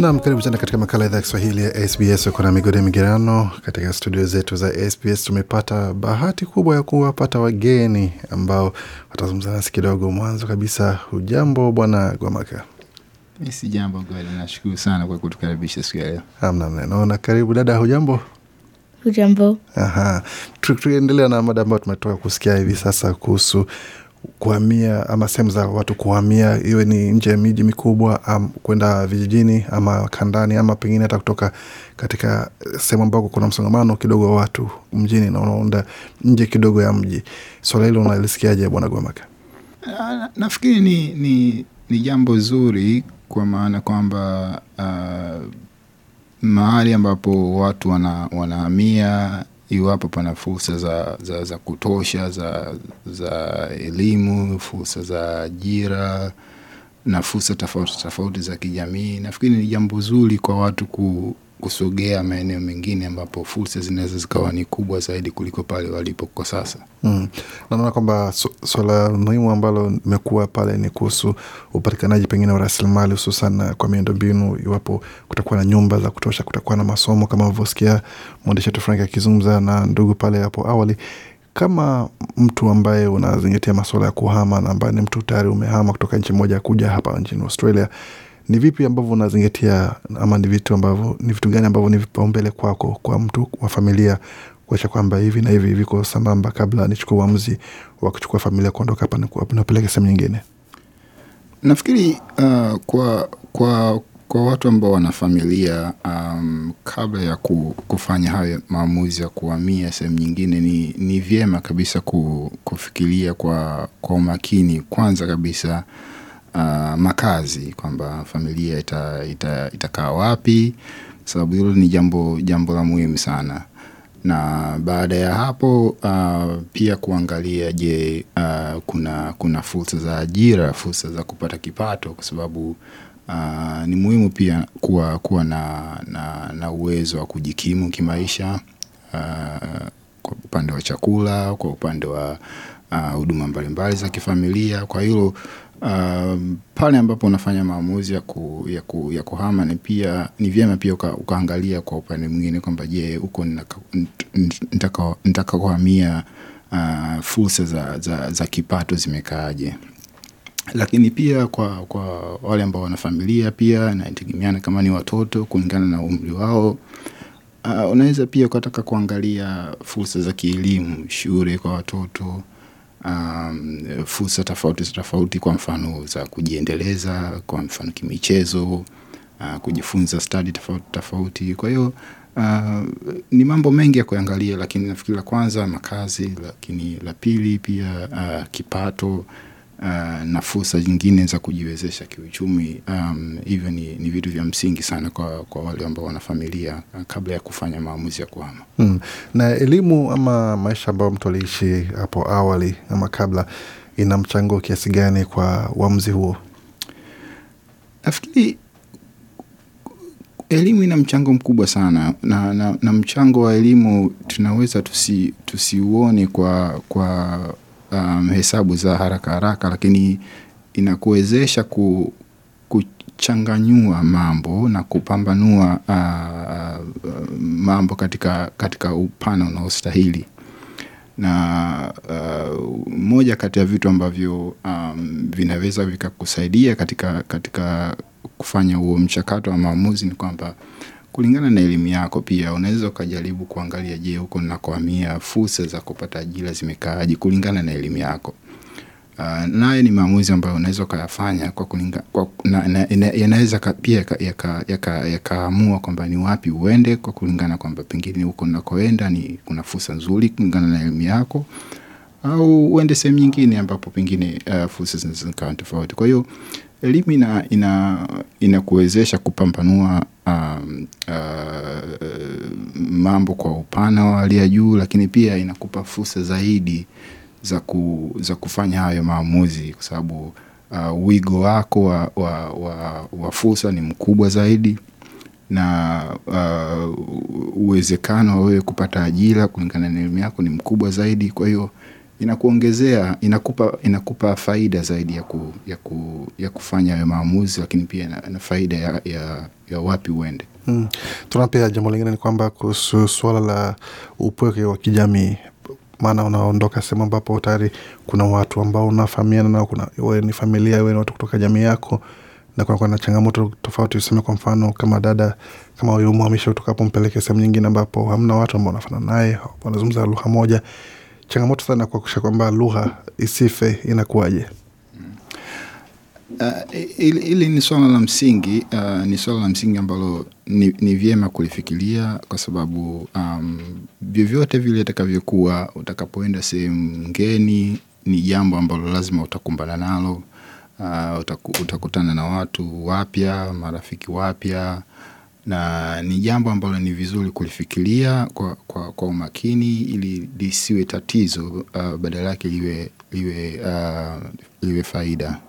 Nam, karibu tena katika makala idhaa ya Kiswahili ya SBS. Uko na migode migerano katika studio zetu za SBS. Tumepata bahati kubwa ya kuwapata wageni ambao watazungumza nasi kidogo. Mwanzo kabisa, hujambo bwana Gwamaka? si jambo Gode, nashukuru sana kwa kutukaribisha siku ya leo. Amna neno na karibu dada, hujambo? Hujambo. Aha, tuendelea na mada ambayo tumetoka kusikia hivi sasa kuhusu kuhamia ama sehemu za watu kuhamia, iwe ni nje ya miji mikubwa um, kwenda vijijini ama kandani ama pengine hata kutoka katika sehemu ambako kuna msongamano kidogo wa watu mjini na unaenda nje kidogo ya mji. Swala hilo unalisikiaje Bwana Gwamaka? Na, ah, nafikiri ni, ni, ni jambo zuri kwa maana kwamba uh, mahali ambapo watu wana, wanahamia iwapo pana fursa za, za, za kutosha za, za elimu, fursa za ajira na fursa tofauti tofauti za kijamii. Nafikiri ni jambo zuri kwa watu ku, kusogea maeneo mengine ambapo fursa zinaweza zikawa ni kubwa zaidi kuliko pale walipo kwa sasa. Mm. Naona kwamba suala so, muhimu ambalo imekuwa pale ni kuhusu upatikanaji pengine wa rasilimali hususan uh, kwa miundombinu. Iwapo kutakuwa na nyumba za kutosha, kutakuwa na masomo kama alivyosikia mwandishi wetu Frank akizungumza na ndugu pale hapo awali kama mtu ambaye unazingatia masuala ya kuhama na ambaye ni mtu tayari umehama kutoka nchi moja kuja hapa nchini Australia, ni vipi ambavyo unazingatia ama ni vitu ambavyo ni vitu gani ambavyo ni vipaumbele kwako kwa mtu wa familia kuhakikisha kwamba hivi na hivi viko sambamba kabla nichukua uamuzi wa kuchukua familia kuondoka hapa napeleka sehemu nyingine. Nafikiri uh, kwa, kwa kwa watu ambao wana familia, um, kabla ya kufanya hayo maamuzi ya kuhamia sehemu nyingine ni vyema kabisa kufikiria kwa umakini kwanza kabisa uh, makazi kwamba familia itakaa wapi sababu hilo ni jambo la muhimu sana. Na baada ya hapo uh, pia kuangalia je uh, kuna fursa za ajira, fursa za kupata kipato kwa sababu Uh, ni muhimu pia kuwa, kuwa na, na, na uwezo wa kujikimu kimaisha uh, kwa upande wa chakula, kwa upande wa ah, huduma uh, mbalimbali za kifamilia. Kwa hilo uh, pale ambapo unafanya maamuzi ya, ku, ya, ku, ya kuhama ni pia ni vyema pia uka, ukaangalia kwa upande mwingine kwamba je, huko nitakohamia uh, fursa za, za, za kipato zimekaaje? lakini pia kwa, kwa wale ambao wana familia pia nategemeana kama ni watoto kulingana na umri wao. Uh, unaweza pia ukataka kuangalia fursa za kielimu shule kwa watoto um, fursa tofauti tofauti, kwa mfano za kujiendeleza, kwa mfano kimichezo, uh, kujifunza stadi tofauti tofauti. Kwa hiyo uh, ni mambo mengi ya kuangalia, lakini nafikiri la kwanza makazi, lakini la pili pia uh, kipato uh, na fursa zingine za kujiwezesha kiuchumi. Um, hivyo ni, ni vitu vya msingi sana kwa, kwa wale ambao wana familia uh, kabla ya kufanya maamuzi ya kuhama mm. Na elimu ama maisha ambayo mtu aliishi hapo awali ama kabla ina mchango kiasi gani kwa uamuzi huo? Nafikiri elimu ina mchango mkubwa sana na, na, na mchango wa elimu tunaweza tusiuone tusi kwa, kwa um, hesabu za haraka haraka, lakini inakuwezesha ku, kuchanganyua mambo na kupambanua uh, uh, mambo katika, katika upana unaostahili na uh, moja kati ya vitu ambavyo um, vinaweza vikakusaidia katika, katika kufanya huo mchakato wa maamuzi ni kwamba Kulingana na elimu yako pia unaweza ukajaribu kuangalia je huko nakoamia fursa za kupata ajira zimekaaje kulingana na elimu yako. Ah, nayo ni maamuzi ambayo unaweza ukayafanya kwa yanaweza pia yakaamua kwamba ni wapi uende kwa kulingana kwamba pengine huko nakoenda ni kuna fursa nzuri kulingana na elimu yako. Au uende sehemu nyingine ambapo pengine ah, fursa zinaweza zikawa tofauti kwa hiyo. Elimu ina, ina, inakuwezesha kupambanua uh, uh, mambo kwa upana wa hali ya juu, lakini pia inakupa fursa zaidi za, ku, za kufanya hayo maamuzi kwa sababu uh, wigo wako wa, wa, wa, wa fursa ni mkubwa zaidi na uh, uwezekano wa wewe kupata ajira kulingana na elimu yako ni mkubwa zaidi, kwa hiyo inakuongezea inakupa, inakupa faida zaidi ya, ku, ya, ku, ya kufanya hayo maamuzi, lakini pia na, faida ya, ya, ya wapi uende. Mm. Tunaona pia jambo lingine ni kwamba kuhusu suala la upweke wa kijamii maana unaondoka sehemu ambapo tayari kuna watu ambao unafahamiana nao, kuna we ni familia, we ni watu kutoka jamii yako, na kunakuwa na changamoto tofauti. Useme kwa mfano kama dada, kama huyu umhamishe mpeleke sehemu nyingine ambapo hamna watu ambao unafanana naye, wanazungumza lugha moja changamoto sana kuakisha kwamba lugha isife inakuwaje? Hili uh, ni swala la msingi uh, ni swala la msingi ambalo ni, ni vyema kulifikiria kwa sababu um, vyovyote vile itakavyokuwa, utakapoenda sehemu ngeni ni jambo ambalo lazima utakumbana nalo. Uh, utaku, utakutana na watu wapya, marafiki wapya, na ni jambo ambalo ni vizuri kulifikiria kwa, kwa, kwa umakini ili lisiwe tatizo uh, badala yake liwe liwe, uh, liwe faida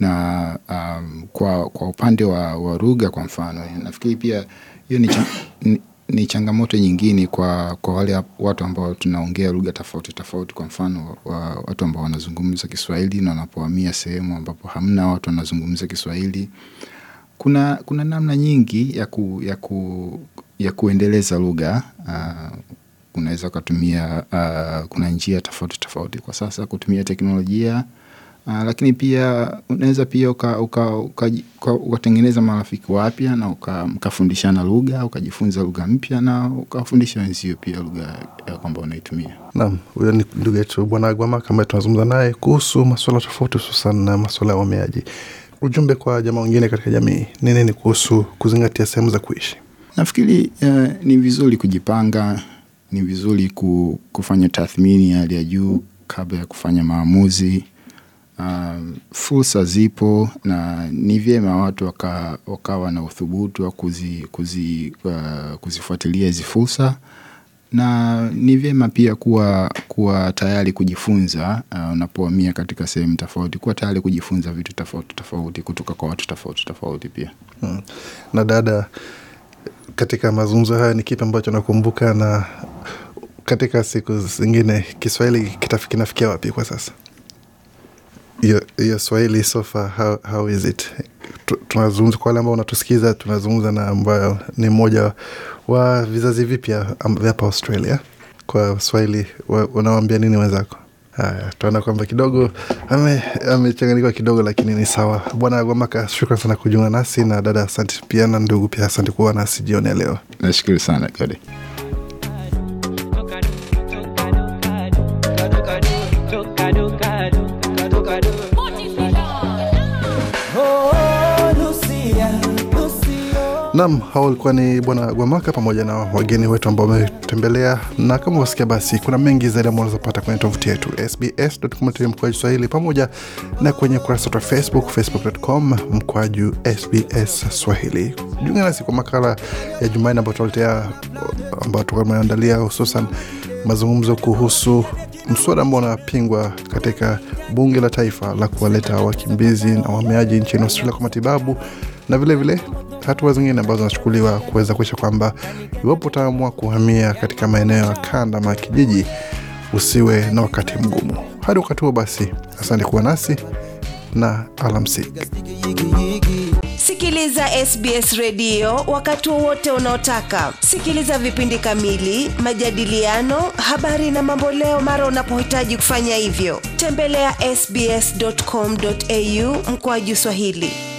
na um, kwa, kwa upande wa, wa rugha kwa mfano, nafikiri pia hiyo ni, cha, ni, ni changamoto nyingine kwa, kwa wale watu ambao tunaongea lugha tofauti tofauti. Kwa mfano wa, watu ambao wanazungumza Kiswahili na wanapohamia sehemu ambapo hamna watu wanazungumza Kiswahili kuna, kuna namna nyingi ya, ku, ya, ku, ya kuendeleza lugha uh, unaweza ukatumia uh, kuna njia tofauti tofauti kwa sasa kutumia teknolojia uh, lakini pia unaweza pia ukatengeneza marafiki wapya na mkafundishana lugha ukajifunza lugha mpya na ukafundisha wenzio pia lugha ya kwamba unaitumia. nam huyo ni ndugu yetu Bwana Gwamaka ambaye tunazungumza naye kuhusu maswala tofauti, hususan na maswala ya uhamiaji ujumbe kwa jamaa wengine katika jamii nini kuhusu kuzingatia sehemu za kuishi? Nafikiri uh, ni vizuri kujipanga, ni vizuri kufanya tathmini ya hali ya juu kabla ya kufanya maamuzi. Uh, fursa zipo na ni vyema watu waka, wakawa na uthubutu wa kuzi, kuzi, uh, kuzifuatilia hizi fursa na ni vyema pia kuwa, kuwa tayari kujifunza uh, unapohamia katika sehemu tofauti, kuwa tayari kujifunza vitu tofauti tofauti kutoka kwa watu tofauti tofauti pia hmm. Na dada, katika mazungumzo haya ni kipi ambacho nakumbuka na katika siku zingine Kiswahili kinafikia wapi kwa sasa? Your, your Swahili so far, how, how is it? tunazungumza kwa wale ambao wanatusikiza, tunazungumza na ambayo ni mmoja wa vizazi vipya hapa Australia. Kwa Swahili unawambia nini wenzako? Haya, tunaona kwamba kidogo amechanganyikwa ame kidogo, lakini ni sawa. Bwana Gwamaka, shukran sana kujunga nasi na dada, asante pia na ndugu pia, asante kuwa nasi jioni ya leo. Nashukuru sana Kodi. Nam, hao walikuwa ni Bwana Gwamaka pamoja na wageni wetu ambao wametembelea, na kama wasikia, basi kuna mengi zaidi ambao unazopata kwenye tovuti yetu sbs.com.au Swahili pamoja na kwenye ukurasa wetu wa Facebook facebook.com mkwaju SBS Swahili. Jiunge nasi kwa makala ya Jumanne ambayo tunaletea, ambayo tumeandalia hususan mazungumzo kuhusu mswada ambao unapingwa katika bunge la taifa la kuwaleta wakimbizi na wahamiaji nchini Australia kwa matibabu na vilevile hatua zingine ambazo zinachukuliwa kuweza kuisha kwamba iwapo utaamua kuhamia katika maeneo ya kanda ama kijiji, usiwe na wakati mgumu. Hadi wakati huo basi, asante kuwa nasi na alamsiki. Sikiliza SBS redio wakati wowote unaotaka. Sikiliza vipindi kamili, majadiliano, habari na mamboleo mara unapohitaji kufanya hivyo. Tembelea ya sbs.com.au mkoaju Swahili.